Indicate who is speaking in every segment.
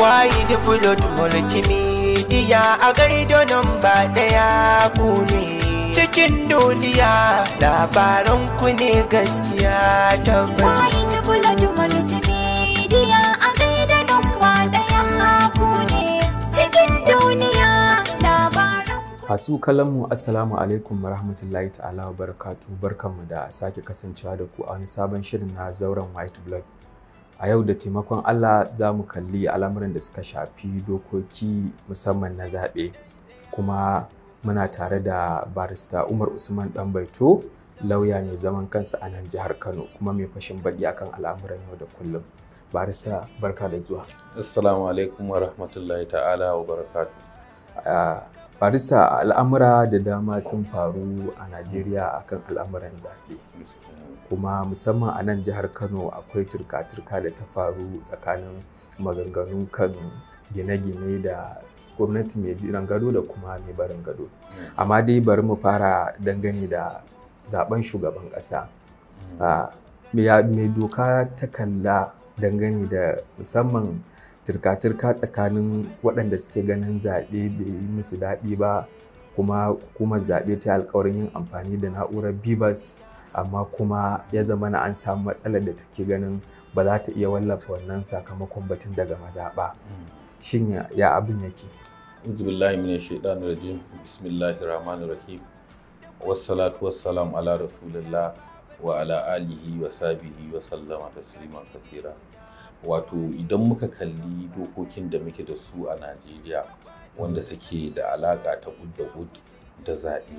Speaker 1: Wayi da bulot multimedia a gaido nan ba ku ne. Cikin duniya labaran ku ne gaskiya tabbas. Wayi da bulot multimedia a gaido nan ba ku ne. Cikin duniya labaran ku Hasu kalanmu assalamu alaikum rahmatullahi ta'ala wa barakatu barkanmu da sake kasancewa da ku a wani sabon shirin na zauren white blood. a yau da taimakon Allah za mu kalli al'amuran da suka shafi dokoki musamman na zaɓe kuma muna tare da barista Umar Usman baito lauya ne zaman kansa a nan jihar Kano kuma mai fashin baki akan al'amuran yau da kullum. Barista barka da zuwa.
Speaker 2: Assalamu alaikum wa rahmatullahi ta'ala wa barakatu.
Speaker 1: Ah, barista al'amura da dama sun faru a najeriya akan al'amuran zaɓe kuma musamman a nan jihar kano akwai turka-turka da ta faru tsakanin maganganu kan gine-gine da gwamnati mai jiran gado da kuma mai barin gado amma dai bari mu fara dangane da zaben shugaban ƙasa mai hmm. ah, doka ta kalla dangane da musamman turka-turka tsakanin waɗanda suke ganin zaɓe bai yi musu daɗi ba kuma hukumar zaɓe ta alkawarin yin amfani da na'urar bibas amma kuma ya zama na an samu matsalar da take ganin ba za ta iya wallafa wannan sakamakon batun daga mazaɓa shin ya abin yake
Speaker 2: billahi min ala rasulillah wa ala alihi wa sabihi wa sallama tasliman kathira wato idan muka kalli dokokin da muke da su a najeriya wanda suke da alaƙa ta da da zaɓe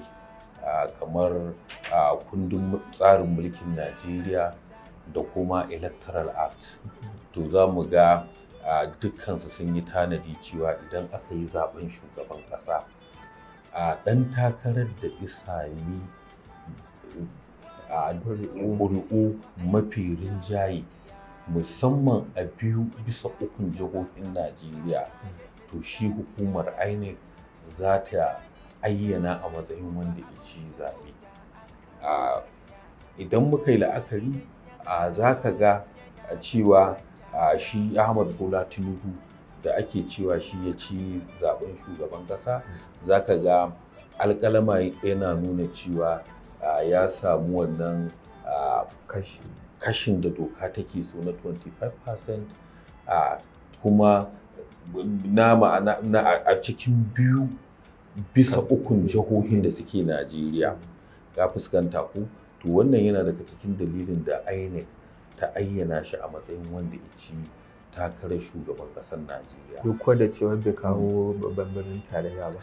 Speaker 2: kamar a kundin tsarin mulkin najeriya da kuma electoral act to za mu ga dukkansu sun yi tanadi cewa idan aka yi zaben shugaban ƙasa a ɗan takarar da isami a ƙuri'u mafi rinjaye musamman a biyu bisa ukun jihohin najeriya to shi hukumar inec za ta ayyana a matsayin wanda ya ci zaɓe idan muka yi la'akari za ka ga cewa shi ahmad bola tinubu da ake cewa shi ya ci zaben shugaban ƙasa za ka ga alƙalama yana nuna cewa ya samu wannan kashi kashin da doka take so na 25% a kuma na ma'ana a cikin biyu bisa ukun jihohin da suke najeriya ga fuskanta ku to wannan yana daga cikin dalilin da inec ta ayyana shi a matsayin wanda ya ci takarar shugaban ƙasar najeriya duk
Speaker 1: da cewa bai kawo babban birnin tarayya ba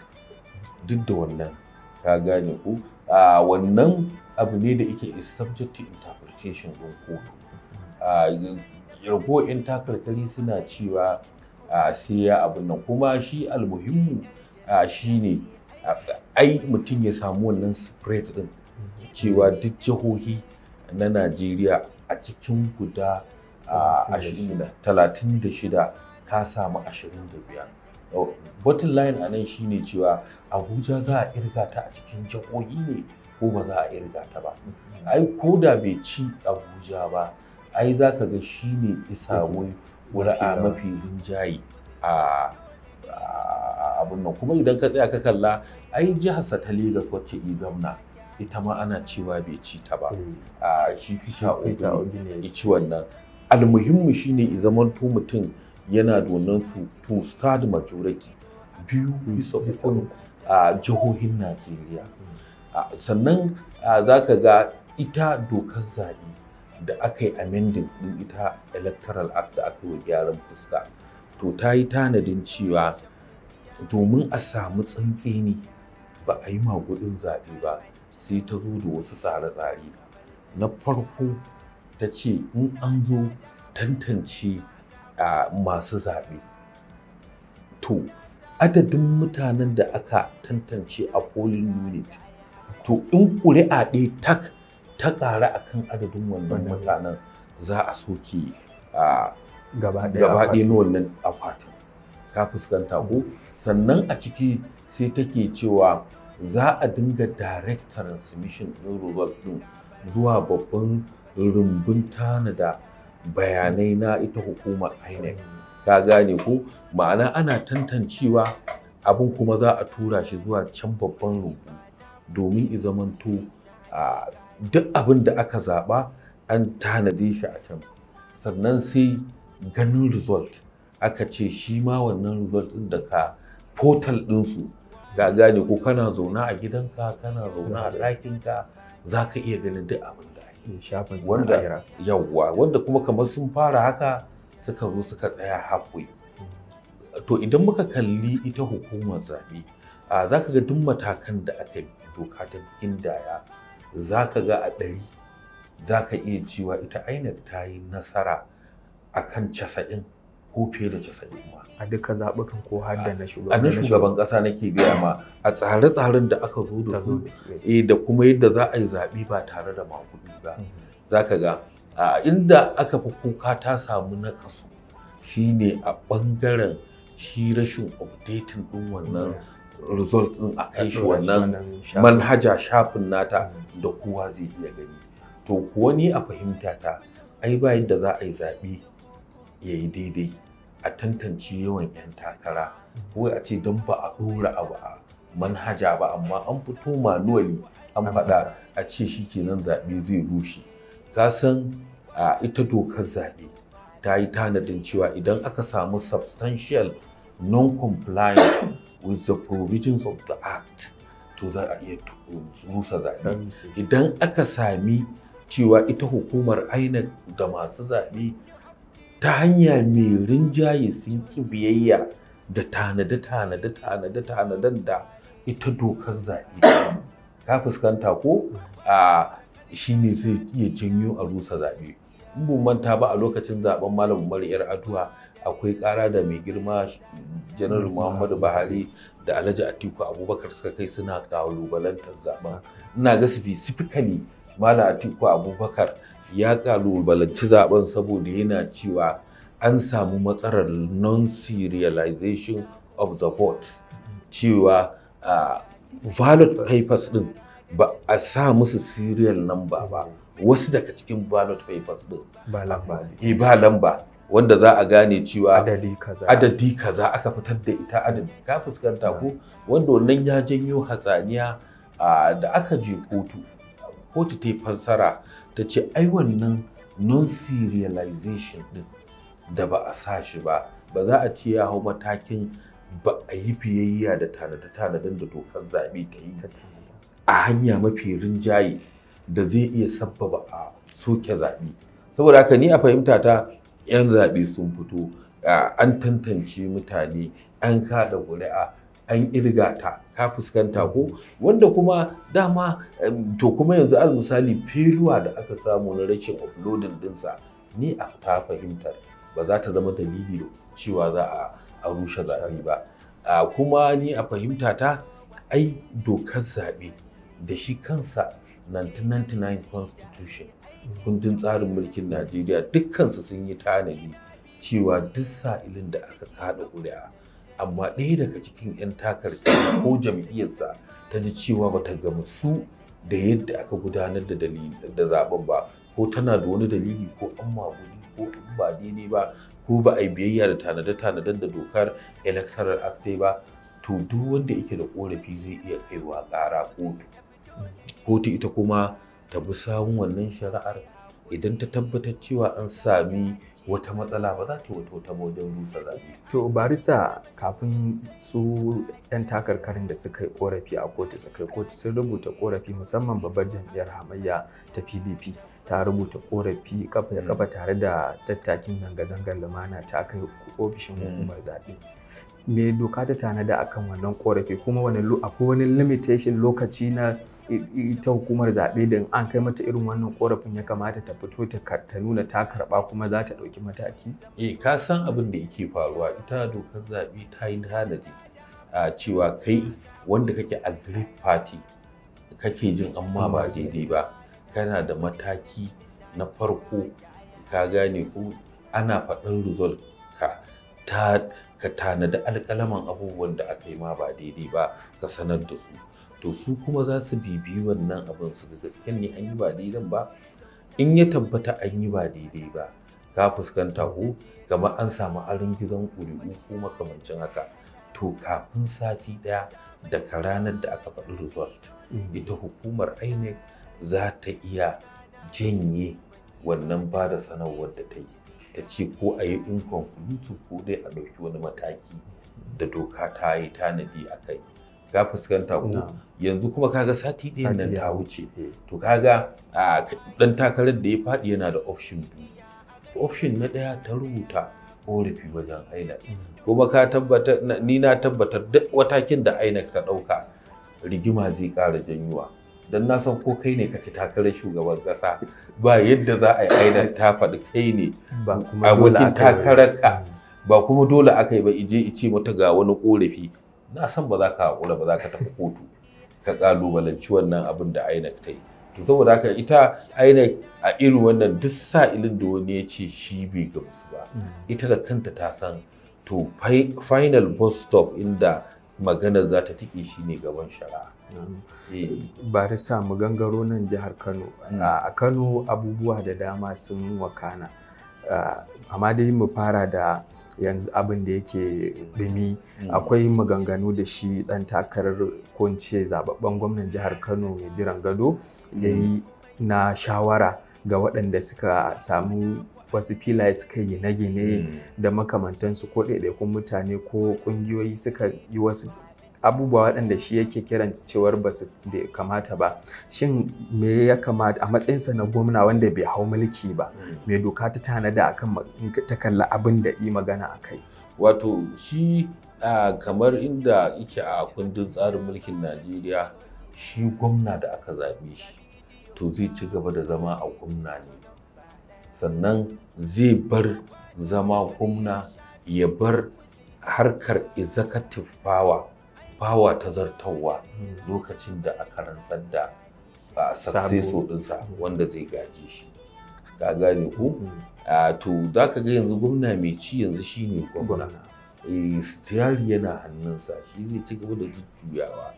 Speaker 1: duk da
Speaker 2: wannan ka gane ku wannan abu ne da yake is subject to interpretation ɗin kotu Yarko in takarkari suna cewa sai ya abin nan kuma shi almuhimmu shi ne ai mutum ya samu wannan spread ɗin cewa duk jihohi na najeriya a cikin guda 36 ka samu 25 Oh, bottom line a nan shine cewa abuja za a irga ta a cikin jagoyi ne ko ba za a irga ta ba mm-hmm. ai ko da bai ci abuja ba ai za ka ga shine isa wai a mafi rinjaye a abin nan kuma idan ka tsaya ka kalla ai sa ta Legas wacce i gamna ita ma ana cewa bai ci ta ba mm. a ah, shi fi sha'o'i ne ci wannan almuhimmi shine i zamanto mutum yana donan su to start majority biyu bisa uku a jihohin najeriya sannan za ka ga ita dokar zaɓe da aka yi amending ɗin ita electoral act da aka yi gyaran fuska to ta yi tanadin cewa domin a samu tsantseni ba a yi magudin zaɓe ba sai ta zo da wasu tsare-tsare na farko ta ce in an zo tantance masu zaɓe to adadin mutanen da aka tantance a polling unit to in ƙuri'a ɗaya tak ta ƙara a kan adadin wannan mutanen za a soke
Speaker 1: gaba ɗaya na
Speaker 2: wannan akwatin ka fuskanta ko sannan a ciki sai take cewa za a dinga direct transmission ɗin result ɗin zuwa babban rumbun tanada bayanai na ita hukumar INEC ka gane ko ma'ana ana tantancewa abin kuma za a tura shi zuwa can babban rubu domin i zamanto duk abin da aka zaɓa an tanade shi a can sannan sai ganin result aka ce shi ma wannan result ɗin da ka portal ɗinsu ga gane ko kana zauna a gidanka kana zauna a ɗakinka za ka iya ganin duk abin shafin wanda yawwa wanda kuma kamar sun fara haka suka zo suka tsaya halfway to idan muka kalli ita hukumar zaɓe a za ka ga duk matakan da aka yi doka ta gindaya za ka ga a ɗari za ka iya cewa ita INEC ta yi nasara a kan casa'in ko fiye da casa'in
Speaker 1: kuma. A duka zaɓukan ko har da na shugaban ƙasa. A na shugaban ƙasa nake
Speaker 2: gaya ma a tsare-tsaren da aka zo da su eh. Eh, da kuma yadda za a yi zaɓe ba tare da makuɗi ba. Mhm. Za ka ga inda aka fi kuka ta samu na kaso shine a ɓangaren shi rashin updating ɗin wannan result ɗin a kai shi wannan manhaja shafin nata mm. da kowa zai iya gani. To kuwa ni a fahimta ta ai ba yadda za a yi zaɓe ya yi daidai. a tantance yawan 'yan takara wai a ce don ba a ɗora abu a manhaja ba amma an fito manuwali an faɗa a ce shi kenan zaɓe zai rushe ka san a ita dokar zaɓe ta yi tanadin cewa idan aka samu substantial non-compliance with the provisions of the act to za a iya rusa zaɓe idan aka sami cewa ita hukumar INEC da masu zaɓe ta hanya mai rinjaye su ki biyayya da tanade tanade tanade tanaden da ita dokar zaɓe ka fuskanta ko a shi ne zai iya janyo a rusa zaɓe mun manta ba a lokacin zaben malam umar yar aduwa akwai ƙara da mai girma janar muhammadu buhari da alhaji atiku abubakar suka kai suna kalubalantar zaben ina ga specifically malam atiku abubakar ya kalubalanci zaben saboda yana cewa an samu matsalar non-serialization of the vote cewa ballot papers din ba a sa musu serial number ba wasu daga cikin ballot papers din ba lamba eh, wanda za a gane cewa adadi kaza aka fitar da ita adadi ka fuskanta ko wanda wannan ya janyo hatsaniya da aka je kotu kotu ta fansara ta ce ai wannan non-serialization din da ba a sa shi ba ba za a ce ya hau matakin ba a yi fiyayya da tanada-tanadan da dokar zaɓe ta yi a hanya mafi rinjaye da zai iya sabbaba a soke zaɓe saboda haka ni a fahimta ta 'yan zaɓe sun fito an tantance mutane an kada ƙuri'a an ƙirga ta ka fuskanta ko wanda kuma dama to kuma yanzu al misali feluwa da aka samu na rashin uploading dinsa ni a ta fahimta ba za ta zama dalili cewa za a rushe zaɓe ba kuma ni a fahimta ta ai dokar zaɓe da shi kansa 1999 constitution kundin tsarin mulkin najeriya dukkansu sun yi tanadi cewa duk sa'ilin da aka kada ƙuri'a amma ɗaya daga cikin 'yan takarda ko jam'iyyarsa ta ji cewa bata su da yadda aka gudanar da dalili da zaben ba ko tana da wani dalili ko an maguli ko in ba daidai ba ko ba a yi biyayya da tanade-tanaden da dokar electoral act ba to duk wanda yake da korafi zai iya kaiwa ƙara kotu kotu ita kuma ta bi sawun wannan shari'ar
Speaker 1: idan ta tabbatar cewa an sami wata matsala ba za ta wato ta bodin rusa zaɓe. To barista kafin su 'yan takarkarin da suka yi korafi a kotu suka yi kotu sun rubuta korafi musamman babbar jam'iyyar hamayya ta PDP ta rubuta korafi kafa ya kafa tare da tattakin zanga-zangar lumana ta kai ofishin hmm. hukumar zaɓe. Me doka ta tanada akan wannan korafi kuma wani akwai wani limitation lokaci na ita hukumar zaɓe da an kai mata irin wannan korafin ya kamata ta fito ta nuna ta karɓa kuma za ta ɗauki mataki?
Speaker 2: Eh, ka san abin da yake faruwa ita dokar zaɓe ta yi tanadi a cewa kai wanda kake a great party kake jin amma ba daidai ba kana da mataki na farko ka gane ko ana faɗin result ka ta ka tanadi alƙalaman abubuwan da aka yi ma ba daidai ba ka sanar da su to su kuma za su bibi wannan abin su ga gasken ne an yi ba daidai ba in ya tabbata an yi ba daidai ba ka fuskanta ko kamar an samu arin gizon ƙuri'u ko makamancin haka to kafin sati ɗaya daga ranar da aka faɗi result mm-hmm. ita hukumar inec za ta iya janye wannan ba da sanarwar da ta yi ta ce ko a yi inconclusive ko dai a ɗauki wani mataki da doka ta yi tanadi a kai ka fuskanta ku yanzu kuma kaga sati ɗin nan ta wuce eh. to kaga dan takarar da ya faɗi yana da option biyu option na ɗaya ta rubuta korafi wajen aina mm. kuma ka tabbatar ni na tabbatar duk watakin da aina ka ɗauka rigima zai kara janyuwa don na san ko kai ne ka ci takarar shugaban ƙasa ba yadda za a yi aina ta faɗi kai ne abokin takarar ka mm. ba kuma dole aka yi ba ije ice mata ga wani korafi na san ba za ka haƙura ba za ka tafi kotu ka ƙalubalanci wannan abin da INEC ta yi to saboda haka ita INEC a irin wannan duk sa'ilin da wani ya ce shi bai gamsu ba ita da kanta ta san to final bus stop inda maganar za ta tike shi ne gaban shari'a
Speaker 1: eh. sa mu gangaro nan jihar kano hmm. a kano abubuwa da dama sun wakana ah, amma dai mu fara da yanzu abin da yake dumi mm. akwai maganganu da shi dan takarar ko ce zababben gwamnan jihar Kano mai jiran gado mm. ya yi na shawara ga waɗanda suka samu wasu filaye suka yi na gine mm. da makamantansu ko ɗaiɗaikun mutane ko ƙungiyoyi suka yi wasu abubuwa waɗanda shi yake kiran cewar ba su kamata ba shin me ya kamata a matsayinsa na gwamna wanda bai hau mulki ba mm. me doka ta tanada akan ta kalla abin da yi magana a kai wato shi kamar inda yake a kundin tsarin mulkin najeriya
Speaker 2: shi gwamna da aka zaɓe shi to zai ci gaba da zama a gwamna ne sannan zai bar zama gwamna ya bar harkar executive power fawa ta zartawa lokacin da aka rantsar da successo ɗinsa wanda zai gaji shi ka gane ku hmm. to za ka ga yanzu gwamna mai ci yanzu shine gwamna eh, stiyari yana hannunsa shi zai ci gaba da jujjuyawa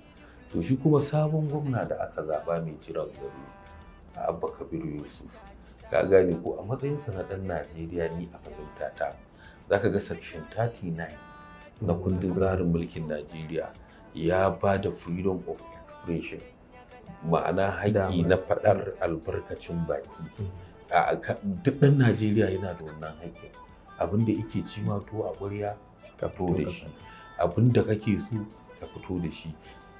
Speaker 2: to shi kuma sabon gwamna da aka zaba mai jiran gari a abba Kabir yusuf ka gane ko a matsayinsa na ɗan najeriya ni a fahimta ta za ga section 39 na hmm. kundin tsarin mulkin najeriya ya ba da freedom of expression ma'ana haƙƙi na faɗar albarkacin baki a duk ɗan najeriya yana da wannan haƙƙi. abin da yake ci to a ƙwarya ka fito da shi abin da kake so ka fito da shi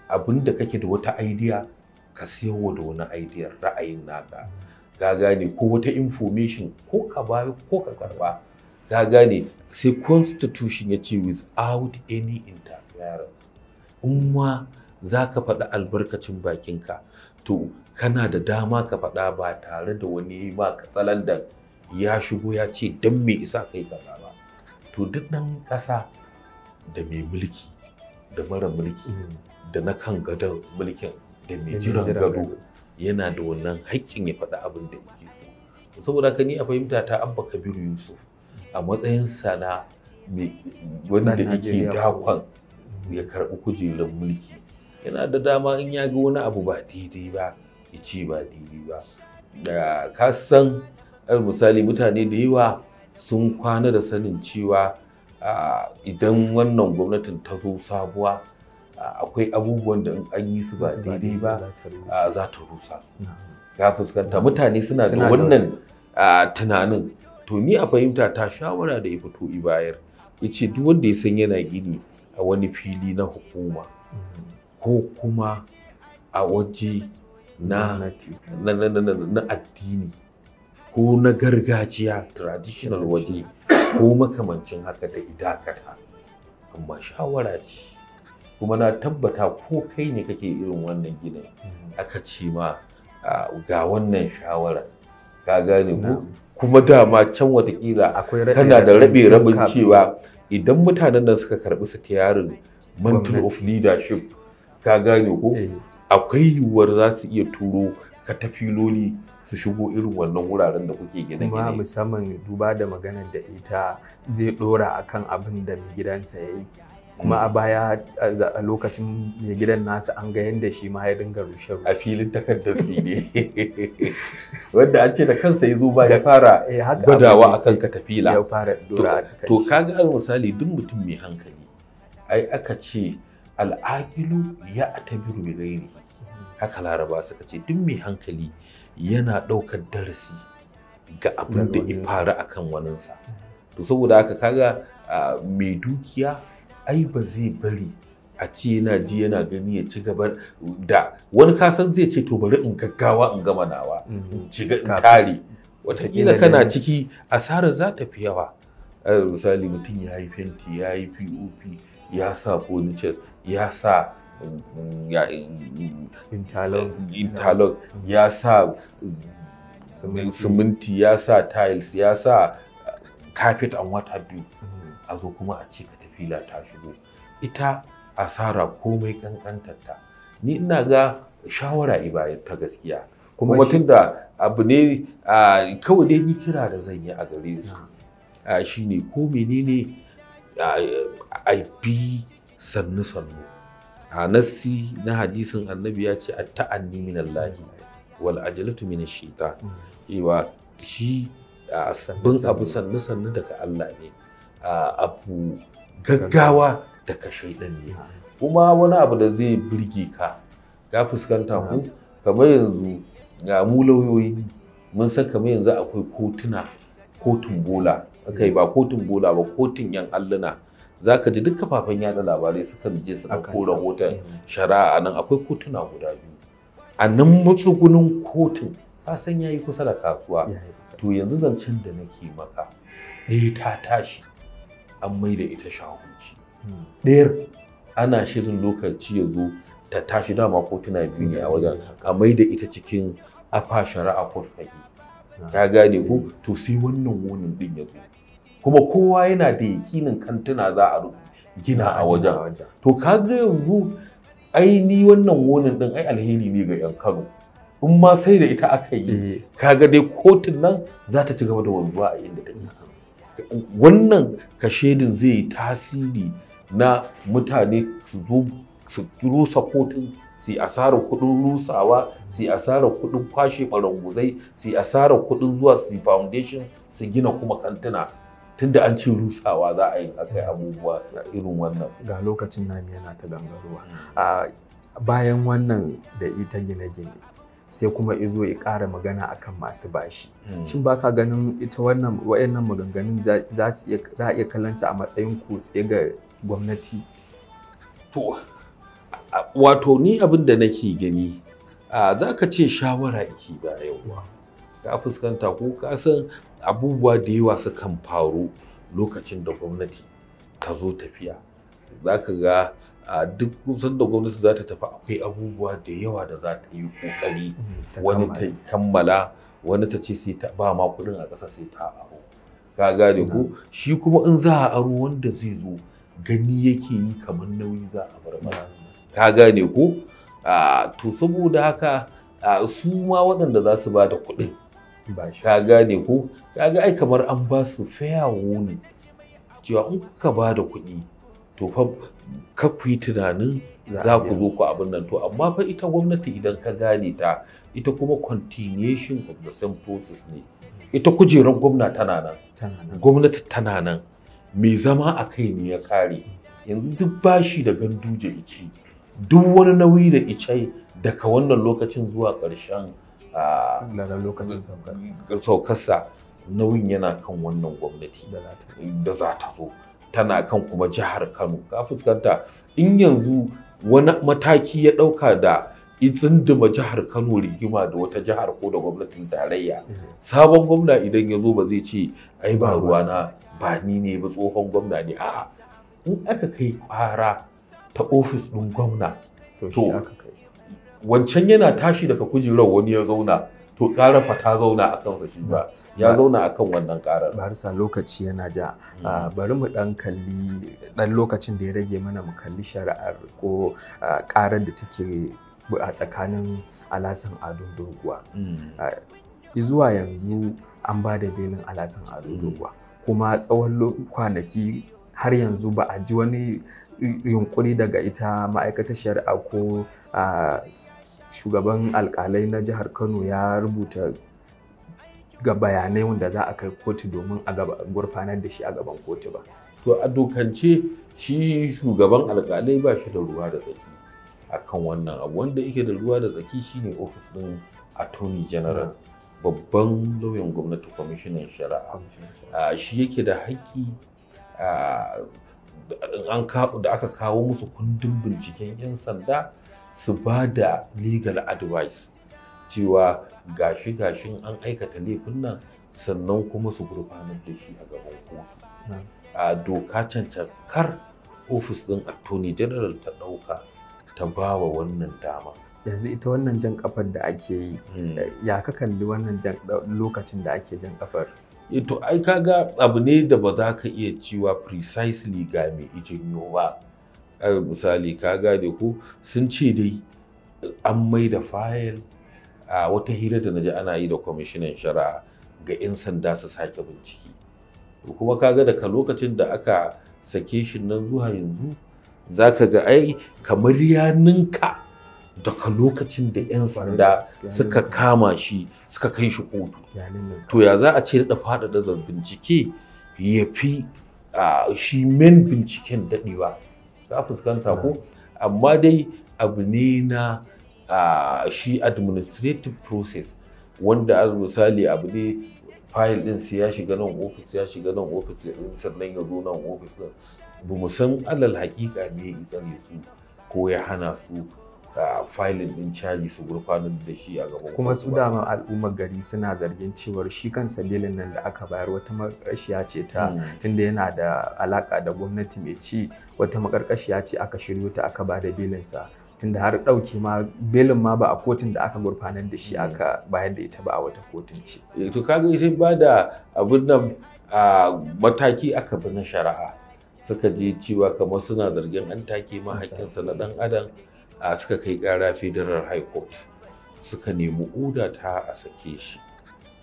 Speaker 2: abin da kake da wata idea ka sayarwa da wani idea ra'ayin naka ka gane ko wata information ko ka bayar ko ka karba ka gane sai constitution ya ce without any interference in ma za ka faɗi albarkacin bakinka to kana da dama ka faɗa ba tare da wani ba da ya shigo ya ce don me isa kai kaza ba to duk ɗan ƙasa da mai mulki da mara mulki mm. da na kan gadon mulkin da mai jiran gado yana da wannan haƙƙin ya faɗi abin da yake so saboda ka ni a fahimta ta abba kabiru yusuf a matsayinsa na wanda yake dakon ya karɓi kujerar mulki yana da dama in ya ga wani abu ba daidai ba ya ce ba daidai ba da ka san misali mutane da yawa sun kwana da sanin cewa idan wannan gwamnatin ta zo sabuwa akwai abubuwan da an yi su ba daidai ba za ta rusa ya fuskanta mutane suna da wannan tunanin to ni a fahimta ta shawara da ya fito ibayar ya ce duk wanda ya san yana gini a wani fili na hukuma ko kuma a waje na addini ko na gargajiya traditional waje ko makamancin haka da idakata amma shawara ce kuma na tabbata ko kai ne kake irin wannan gidan mm. aka ce ma ah, ga wannan shawara ka gane ko kuma dama can watakila kana da rabe rabin cewa idan mutanen da suka karbi su tiyarin mantle of leadership ka gane ko eh.
Speaker 1: akwai yiwuwar za su iya turo katafiloli su shigo irin wannan wuraren da kuke gina gine Kuma musamman duba da maganar da ita zai dora akan abin da mai gidansa ya yi. kuma a baya a lokacin mai gidan nasa an ga yadda shi ma ya dinga rushe a filin takardar tsine wanda an ce da kansa ya zo ba ya fara eh, gwadawa a kan katafila ya fara
Speaker 2: dora to kaga an misali duk mutum mai hankali ai aka ce al'aqilu ya atabiru bi gairi haka laraba suka ce duk mai hankali yana ɗaukar darasi ga abin da ya fara akan waninsa to saboda haka kaga mai dukiya ai ba zai bari a ce yana ji yana gani ya ci gaba da wani kasan zai ce to bari in gaggawa in gama nawa mhm. shiga in tare watakila kana ciki asarar za ta fi yawa misali mutum ya yi fenti ya yi pop ya sa furniture ya sa mm, mm, interlock mm. ya sa siminti ya sa tiles ya sa uh, carpet and what have you a zo kuma a ce ka fila ta shigo ita asara komai kankantarta ni ina ga shawara ibaya ta gaskiya kuma tunda abu ne kawai dai ni kira da zan yi a gare su shine ko menene a bi sannu sannu a nassi na hadisin annabi ya ce ta'anni min Allahi wal ajalatu min shaitan cewa mm. shi bin abu sannu sannu daga Allah ne abu gaggawa da kashe shaidan ne kuma wani abu da zai birge ka ka fuskanta ku kamar yanzu ga mu lauyoyi mun san kamar yanzu akwai kotuna kotun bola akai ba kotun bola ba kotun yan alluna Zaka ji duk kafafen yada labarai sukan je su ɗauko rahoton shari'a a nan akwai kotuna guda biyu a nan matsugunin kotun ka san ya kusa da kasuwa to yanzu zancen da nake maka ɗaya ta tashi an mai da ita shahunci ɗayar ana shirin lokaci ya zo ta tashi dama kotuna biyu ne a wajen a mai da ita cikin afa shari'a ko haƙi ta gane ko to sai wannan wunin din ya zo kuma kowa yana da yakinin kantuna za a gina a wajen to kaga yanzu ai ni wannan wunin din ai alheri ne ga yan Kano in ma sai da ita aka yi eh. kaga dai kotun nan za ta ci gaba da wanzuwa a inda take wannan kashedin zai yi tasiri na mutane su zo su rusa kotun su yi asarar kudin rusawa su yi asarar kudin kwashe ɓaranguzai su yi asarar kudin zuwa su yi foundation su gina kuma kantuna tunda an ce rusawa za a yi akai abubuwa
Speaker 1: irin wannan ga lokacin nami yana ta gangarowa bayan wannan da ita gine-gine sai kuma izo ya ƙara magana akan masu bashi hmm. shin ba ka ganin ita wannan wayannan maganganun za su iya iya kallon a matsayin kutse ga gwamnati to
Speaker 2: wato ni abin da nake gani za ka ce shawara iki ba yawa ka fuskanta ko ka san abubuwa da yawa sukan faru lokacin da gwamnati ta zo tafiya za ka ga a duk kusan da gwamnati za ta tafi akwai abubuwa da yawa da za ta yi kokari mm, wani ta kammala wani ta ce sai ta ba ma kudin a ƙasa sai ta aro ka gane ko mm. shi kuma in za a aro wanda zai zo gani yake yi kamar nauyi za a bar mana mm. ka gane ko to saboda haka su ma waɗanda za su ba da kuɗin ka gane ko ka ga ai kamar an ba su fair warning cewa in kuka ba da kuɗi to fa ka ku yi tunanin za ku zo ku abin nan to amma fa ita gwamnati idan ka gane ta ita kuma continuation of the same process ne ita kujerar gwamna tana nan gwamnati tana nan mai zama a kai ne ya kare yanzu duk bashi da ganduje ici duk wani nauyi da icai daga wannan lokacin zuwa ƙarshen ah, saukarsa nauyin yana kan wannan gwamnati da za ta zo tana kan kuma jihar Kano ka fuskanta in yanzu wani mataki ya ɗauka da ma jihar Kano rigima da wata jihar ko da gwamnatin tarayya sabon gwamna idan ya zo ba zai ce ai ba ruwana ba ni ne ba tsohon gwamna ne a'a in aka kai kwara ta ofis ɗin gwamna to wancan yana tashi daga kujerar wani ya zauna to ƙara fa ta zauna a kansa shi ba ya
Speaker 1: zauna a kan wannan ƙarar. Barisa lokaci yana ja ah, bari mu ɗan kalli ɗan lokacin da ya rage mana mu kalli shari'ar ko ah, ƙarar da take a tsakanin alasan ado doguwa. Mm. Ah, Zuwa yanzu an ba da belin alasan ado mm. doguwa kuma tsawon kwanaki har yanzu ba a ji wani yunkuri daga ita ma'aikatar shari'a ko shugaban alkalai na jihar kano ya rubuta ga bayanai wanda za a kai kotu domin a gurfanar da shi a gaban kotu ba to a dokance
Speaker 2: shi shugaban alkalai ba shi da ruwa da tsaki a kan wannan abu wanda yake da ruwa da tsaki shine ofis din attorney general babban lauyan gwamnati kwamishinan shari'a ah, shi yake da haƙƙi ah, da aka kawo musu kundin binciken 'yan sanda su ba da legal advice cewa gashi gashin an aikata laifin nan sannan kuma su gurfanar da shi a gaban
Speaker 1: kotu
Speaker 2: a doka kar ofis ɗin attorney general ta ɗauka ta ba wa wannan dama
Speaker 1: yanzu ita wannan jan kafar da ake yi hmm. ya ka kalli wannan lokacin da ake jan kafar
Speaker 2: eh to ai kaga abu ne da ba za ka iya cewa precisely ga mai ijin ba misali ka gade ko sun ce dai an mai da fayil a wata hira da naji ana yi da kwamishinan shari'a ga 'yan sanda su sake bincike kuma kaga daga lokacin da aka sake shi nan zuwa yanzu za ka ga ai kamar ya ninka daga lokacin da 'yan sanda suka kama shi suka kai shi kotu to ya za a ce da faɗaɗa bincike ya fi shi min binciken daɗewa ka fuskanta ko amma dai abu ne na shi administrative process wanda a misali abu ne fayil din sai ya shiga nan ofis ya shiga nan ofis sannan ya zo nan ofis din ba mu san alal hakika ne ya tsare su ko ya hana su filing din caji su gurfanar da shi a gaban kuma su
Speaker 1: dama al'ummar gari suna zargin cewar shi kansa belin nan da aka bayar wata makarkashiya ce ta hmm. tunda yana da alaka da gwamnati mai ci wata makarkashiya ce aka shiryo ta aka bada belinsa tunda har ɗauke ma belin ma ba a kotun da aka gurfanar da shi hmm. aka bayar da ita ba a wata kotun ce. Eh, to kaga sai ba da
Speaker 2: abin nan a mataki aka bi na shari'a suka je cewa kamar suna zargin an take ma haƙƙinsa na dan adam a suka kai kara federal high court suka nemi oda ta a sake shi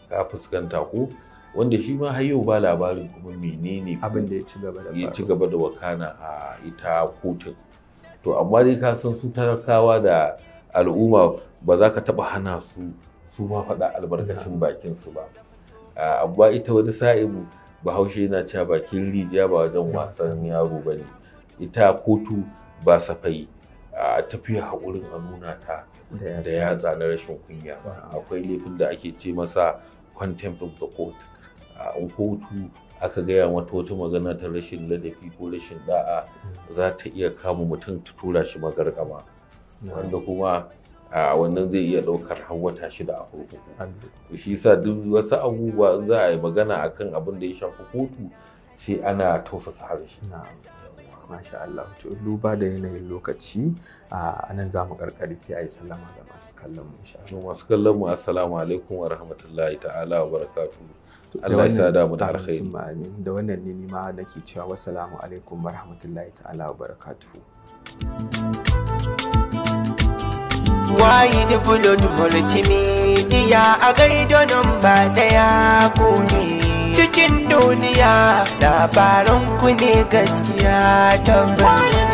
Speaker 2: ka fuskanta ko wanda shi ma har yau ba labarin kuma menene abin da ya ci gaba da wakana a ita kotun to amma dai ka san su talakawa da al'umma ba za ka taba hana su su ma faɗa albarkacin bakin su ba amma ita wani sa'in bahaushe yana cewa bakin rijiya ba wajen wasan yaro ba ne ita kotu ba safai A tafiya hakurin a nuna ta da ya na rashin kunya akwai laifin da ake ce masa contempt of the court a kotu aka gaya mata wata magana ta rashin ladafi ko rashin da'a za ta iya kama mutum ta tura shi magargama wanda kuma a wannan zai iya ɗaukar har wata shida a kurkuku shi yasa duk wasu abubuwa za a yi magana akan abin da ya shafi kotu sai ana tausasa harshe
Speaker 1: masha Allah to duba da yanayin lokaci a nan za mu karkari sai a yi sallama ga masu kallon mu insha Allah masu kallon mu assalamu alaikum wa rahmatullahi
Speaker 2: ta'ala wa barakatuh Allah ya da mu da alkhairi
Speaker 1: da wannan ne ni ma nake cewa wassalamu alaikum wa rahmatullahi ta'ala wa barakatuhu Wide Blood Multimedia a gaido nan ba daya ko ne cikin duniya labaran ku ne gaskiya tabbas